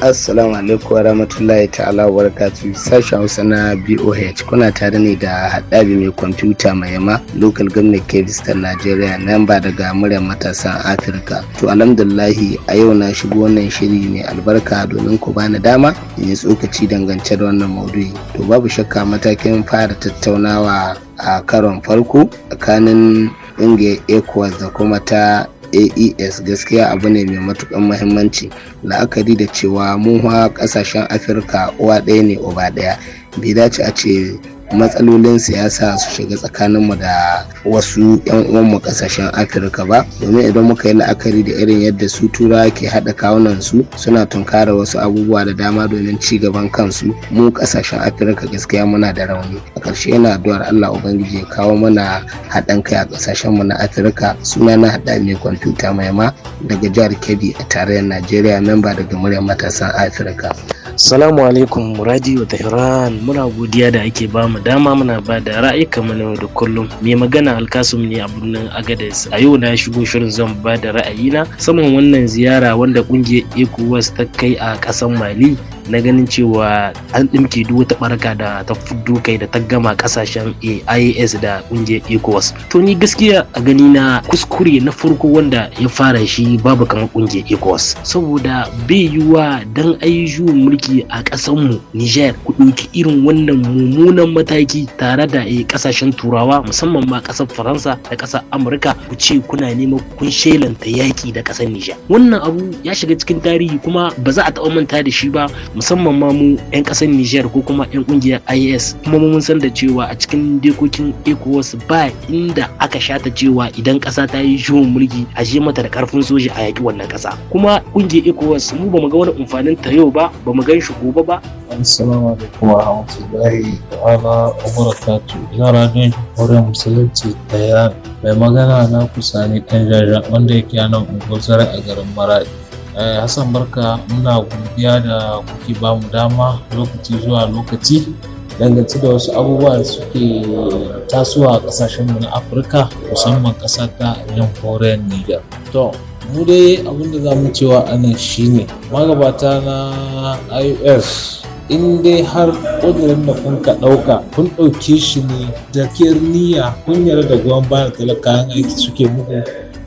Assalamu alaikum wa rahmatullahi ta'ala wa barakatuhu sashen Hausa na BOH kuna tare ne da haɗabi mai kwamfuta mai yama local government ta Najeriya nan ba daga muryar matasan Afirka. To alhamdulillahi a yau na shigo wannan shiri mai albarka domin ku bani dama in yi tsokaci dangance da wannan maudu'i. To babu shakka matakin fara tattaunawa a karon farko tsakanin ƙungiyar ecowas da kuma ta aes gaskiya abu ne mai matukan muhimmanci la'akari da cewa mu kasashen afirka uwa ɗaya ne uba ɗaya bai dace a ce matsalolin siyasa su shiga tsakaninmu da wasu 'yan uwanmu kasashen afirka ba domin idan muka yi la'akari da irin yadda su tura ke haɗa kawunan su suna tunkara wasu abubuwa da dama domin ci gaban kansu mu kasashen afirka gaskiya muna da rauni a ƙarshe yana addu'ar allah ubangiji ya kawo mana haɗin kai a kasashen mu na afirka suna na haɗa mai kwamfuta mai ma daga jihar kebbi a tarayyar najeriya memba daga muryar matasan afirka salamu alaikum wa tehran muna godiya da ake ba mu dama muna ba da ra'ayika mana yau da kullum mai magana alkasum ne a birnin agadez a yau na shigo shirin zan ba da ra'ayina saman wannan ziyara wanda kungiyar ecowas ta kai a kasan mali na ganin cewa an ɗinke duk wata ɓarka da ta fudu kai da ta gama ƙasashen IAS da ƙungiyar ECOWAS. To ni gaskiya a gani na kuskure na farko wanda ya fara shi babu kamar ƙungiyar ECOWAS saboda bai yiwuwa dan ayyukan mulki a ƙasanmu Niger ku ɗauki irin wannan mummunan mataki tare da eh, ƙasashen turawa musamman ma ƙasar Faransa da ƙasar Amurka ku ce kuna neman kun shelanta yaƙi da ƙasar Niger. Wannan abu ya shiga cikin tarihi kuma ba za a taɓa manta da shi ba musamman ma mu 'yan ƙasar Nijar ko kuma 'yan ƙungiyar IS kuma mun san da cewa a cikin dokokin ECOWAS ba inda aka shata cewa idan kasa ta yi juhun mulki a je mata da karfin soji a yaƙi wannan ƙasa kuma ƙungiyar ECOWAS mu ba mu ga wani amfanin ta yau ba ba mu gan shi gobe ba. Assalamu alaikum wa rahmatullahi wa barakatu. Ina radiyon wurin musulunci ta mai magana na kusa ne kan jajen wanda yake nan unguwar a garin Maradi. Eh, hassan barka muna godiya da kuke ba mu dama lokaci zuwa lokaci dangance da wasu abubuwa da suke tasowa a kasashenmu na afirka musamman ƙasa ta jamhuriyar niger to mu dai abinda za mu cewa anan shine magabata na ios in dai har ƙudurin da kun ka ɗauka kun ɗauke shi ne da niyya kun yarda da goyon da talakawan aiki suke muku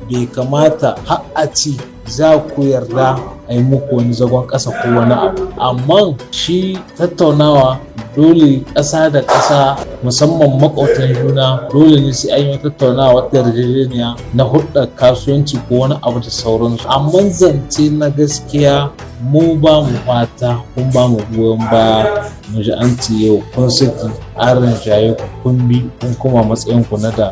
bai kamata har a ci za ku yarda a yi muku wani zagon ƙasa ko wani abu amma shi tattaunawa dole ƙasa da ƙasa musamman makwautan juna dole ne sai an yi tattaunawa da yarjejeniya na hudda kasuwanci ko wani abu da sauransu amma zance na gaskiya mu ba mu fata kun ba mu goyon ba. mu ji an yau kun saki an rinjaye kun bi kun kuma matsayin ku na da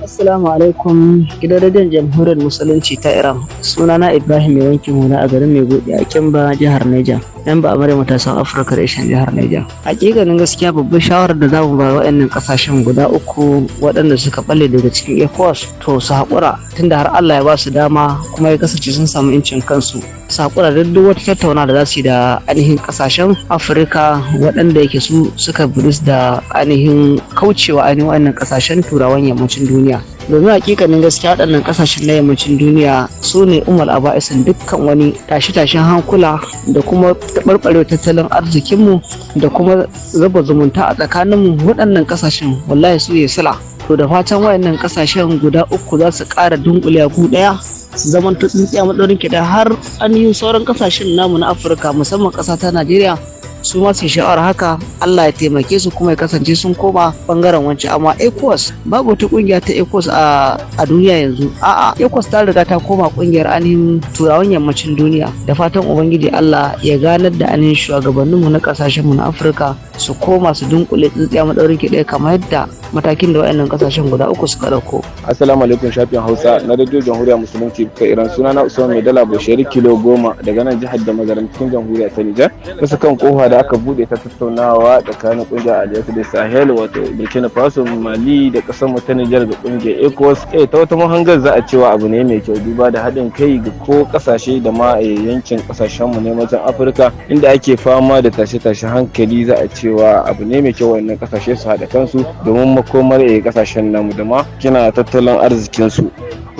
Assalamu alaikum gidan radiyon jamhuriyar musulunci ta Iran sunana Ibrahim mai wanki muna a garin mai gobe a Kimba jihar Neja yan ba amare matasan Afirka da Ishan jihar Neja hakikanin gaskiya babbar shawarar da zamu ba waɗannan kasashen guda uku waɗanda suka balle daga cikin ECOWAS to su haƙura tunda har Allah ya ba su dama kuma ya kasance sun samu incin kansu su haƙura da duk wata tattauna da za su yi da ainihin kasashen Afirka waɗanda yake su suka buris da ainihin kaucewa ainihin waɗannan kasashen turawan yammacin duniya duniya domin hakikanin gaskiya waɗannan ƙasashen na yammacin duniya su ne umar aba'isan dukkan wani tashe-tashen hankula da kuma taɓarɓarewa tattalin arzikinmu da kuma zuba zumunta a tsakaninmu waɗannan ƙasashen wallahi su ne sila to da fatan wayannan ƙasashen guda uku za su ƙara a gu ɗaya zaman tutsun tsintsiya maɗaurin kiɗa har an yi sauran ƙasashen namu na afirka musamman ƙasa ta najeriya su ma su sha'awar haka Allah ya taimake su kuma ya kasance sun koma bangaren wancan amma ECOWAS babu wata kungiya ta ECOWAS a duniya yanzu a'a Ecos ta riga ta koma kungiyar ainihin turawan yammacin duniya da fatan ubangiji Allah ya ganar da ainihin mu na mu na Afirka su koma su dunkule tsintsiya madaurin ki ɗaya kamar yadda matakin da wayannan kasashen guda uku suka dauko. Assalamu alaikum shafin Hausa na radio Jamhuriyar Musulunci ta Iran suna na Usman Mai Dala Bushari kilo goma daga nan jihar da magaram cikin Jamhuriyar ta Nijar. Kasa kan kofa da aka bude ta tattaunawa tsakanin kungiyar aliyatu da sahel wato burkina faso mali da kasar ta nijar da kungiyar ecowas eh ta wata mahangar za a cewa abu ne mai kyau duba da haɗin kai ga ko kasashe da ma eh, yankin kasashen mu ne wajen afirka inda ake fama da tashe-tashe hankali za a cewa abu ne mai kyau wannan kasashe su haɗa kansu domin makomar kasashen eh, namu da ma kina tattalin arzikinsu.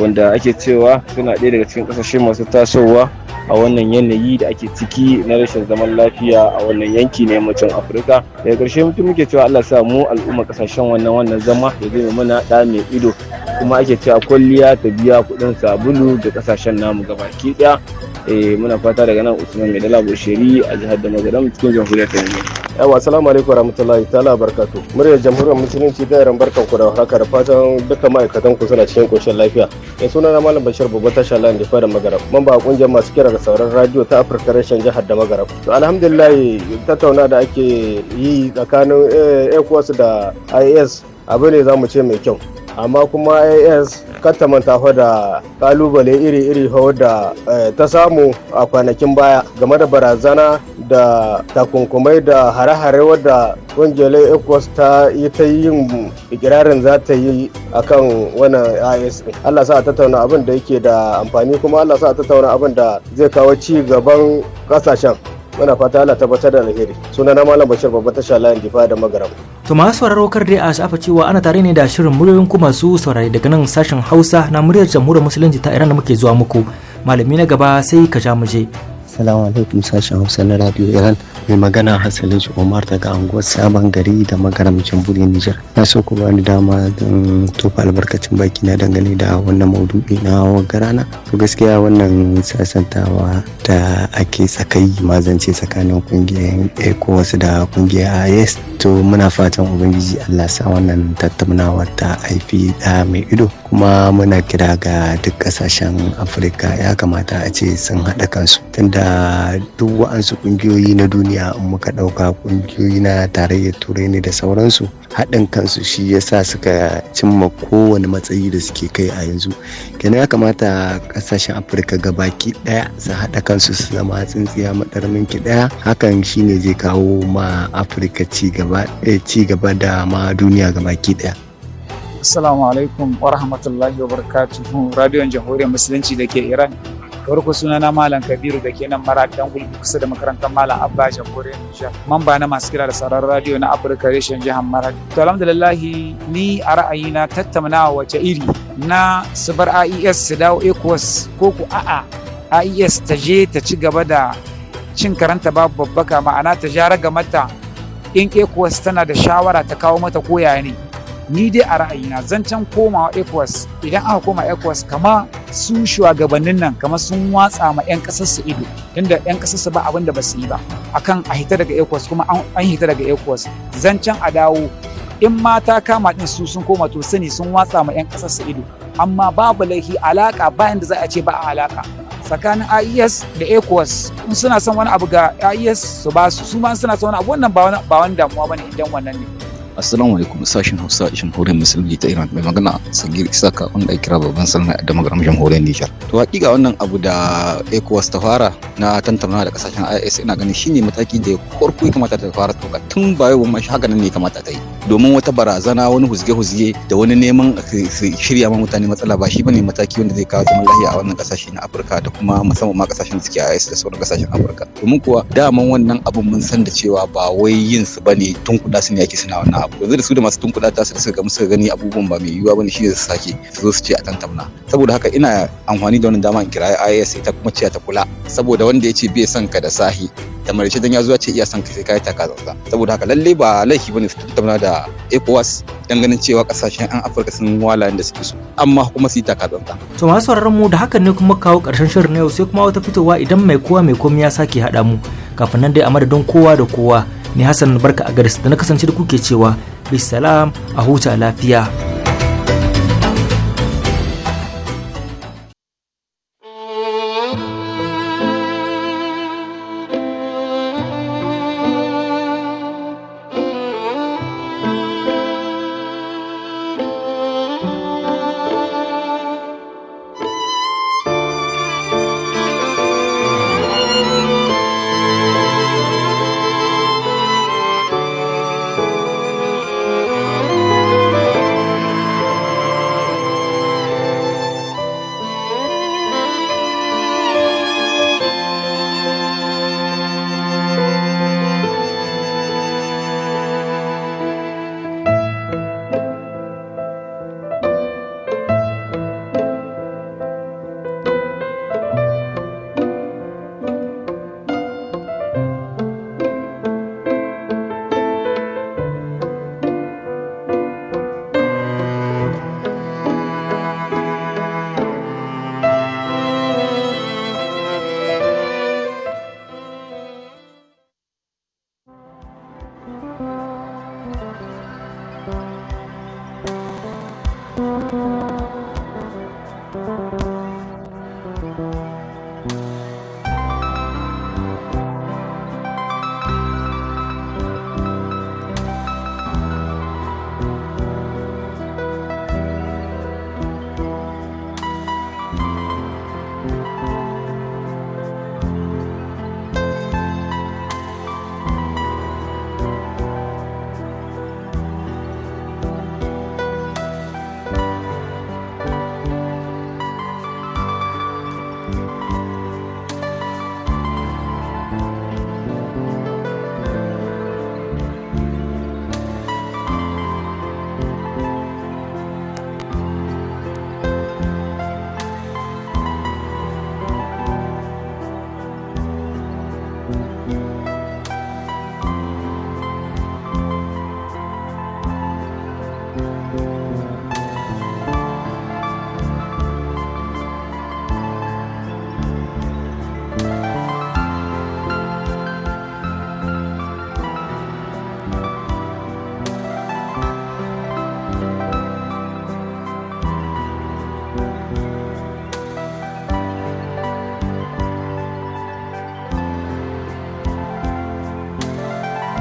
wanda ake cewa suna ɗaya daga cikin ƙasashe masu tasowa a wannan yanayi da ake ciki na rashin zaman lafiya a wannan yanki na yammacin afirka daga ƙarshe mutum muke cewa allah sa mu al'umma ƙasashen wannan wannan zama ya zai mana ɗa mai ido kuma ake cewa kwalliya ta biya kuɗin sabulu da ƙasashen namu daya eh muna fata daga nan usman mai dala bushiri a jihar da magaram cikin jamhuriyar ta yawa assalamu alaikum warahmatullahi ta'ala barkatu muryar jamhuriyar musulunci ta yaran barkan ku da haka da fatan duka ma'aikatan ku suna cikin koshin lafiya ya eh, suna na malam bashir babba tasha lani da fara man ba kungiyar masu kira da sauran radio ta afirka rashin jihar da magarab to alhamdulillah tattauna da ake yi tsakanin eh, ecowas da is abu ne za mu ce mai kyau amma kuma as katamanta fa da kalubale iri-iri da eh, ta samu a kwanakin baya game da barazana da takunkumai da hare-hare wadda kungiyar ecos ta yi ta yin ikirarin za ta yi akan wannan is allah sa a tattauna abin da yake da amfani kuma allah sa a tattauna abin da zai kawo ci gaban kasashen muna fata Allah tabbatar da alheri suna na malam bashir babban tasha layin difa da magaram to masu sauraro kar dai a shafa cewa ana tare ne da shirin muryoyin ku masu saurari daga nan sashen hausa na muryar jamhuriyar musulunci ta iran da muke zuwa muku malami na gaba sai ka ja mu je Assalamu alaikum sashen Hausa na Radio Iran mai magana Hassalin Umar daga anguwar Sabon Gari da magaramcin burin Nijar. Na so ku bani dama don tofa albarkacin baki na dangane da wannan maudu'i na wagarana. To gaskiya wannan sasantawa da ake tsakai mazance tsakanin kungiyar ECOWAS da kungiyar IS. To muna fatan Ubangiji Allah sa wannan tattaunawa ta haifi da mai ido kuma muna kira ga duk kasashen Afirka ya kamata a ce sun haɗa kansu tunda da duk wa'ansu kungiyoyi na duniya in muka ɗauka kungiyoyi na tarayyar turai ne da sauransu haɗin kansu shi ya sa suka cimma kowane matsayi da suke kai a yanzu kenan ya kamata ƙasashen afirka gabaki ɗaya su haɗa kansu su zama tsintsiya madarmin ki ɗaya hakan shine zai kawo ma afirka eh, ci gaba da ma duniya gabaki ɗaya Assalamu alaikum wa rahmatullahi wa barakatuhu radiyon jamhuriyar musulunci da ke Iran farko na malam kabiru da ke nan mara dan gulbi kusa da makarantar malam abba jamhuriyar nijar mamba na masu kira da sauran radio na afirka reshen jihar maradi to alhamdulillahi ni a ra'ayi na tattaunawa wace iri na su bar ies su dawo ecos ko ku a'a ais e ta je ta ci gaba da cin karanta babu babbaka ma'ana ta ja mata in ecos tana da shawara ta kawo mata koya ne ni dai a ra'ayina zancen komawa ecowas idan aka koma ecowas kama su shugabannin nan kama sun watsa ma 'yan kasarsu ido tunda 'yan kasarsu ba abin da ba su yi ba akan a hita daga ecowas kuma an hita daga ecowas zancen a dawo in mata kama din su sun koma to sani sun watsa ma 'yan kasarsu ido amma babu laifi alaka bayan da za a ce ba a alaka tsakanin IES da ECOWAS in suna son wani abu ga IES su ba su su ma suna son wani abu wannan ba wani damuwa ba ne idan wannan ne Assalamu alaikum sashen Hausa jamhuriyar musulmi ta Iran mai magana Sagir Isaka wanda ake kira babban sallah a damagaram jamhuriyar Nijar. To hakika wannan abu da ECOWAS ta fara na tantamna da kasashen IS ina ganin shine mataki da farko ya kamata ta fara toka tun ba yau mashi haka nan ne kamata ta yi. Domin wata barazana wani huzge-huzge da wani neman shirya ma mutane matsala ba shi bane mataki wanda zai kawo zaman lafiya a wannan kasashe na Afirka da kuma musamman ma kasashen da suke IS da sauran kasashen Afirka. Domin kuwa daman wannan abun mun san da cewa ba wai yin su bane tun kuɗa su ne ake suna wannan yanzu da su da masu tunkuɗa ta su suka musu gani abubuwan ba mai yiwuwa bane shi ne su sake su zo su ce a tantamna saboda haka ina amfani da wannan dama in kira IAS ita kuma ce ta kula saboda wanda ya ce bai son ka da sahi da marice dan ya zo ce iya son ka sai ka yi taka tsantsa saboda haka lalle ba laifi bane su tantamna da ECOWAS dan ganin cewa kasashen an Afirka sun walayen da suke so amma kuma su yi taka sa. to masu sauraron mu da hakan ne kuma kawo karshen shirin na yau sai kuma wata fitowa idan mai kowa mai komai ya sake haɗa mu kafin nan dai a madadin kowa da kowa ne hassan barka a garis da na kasance da kuke cewa bisalam a huta lafiya.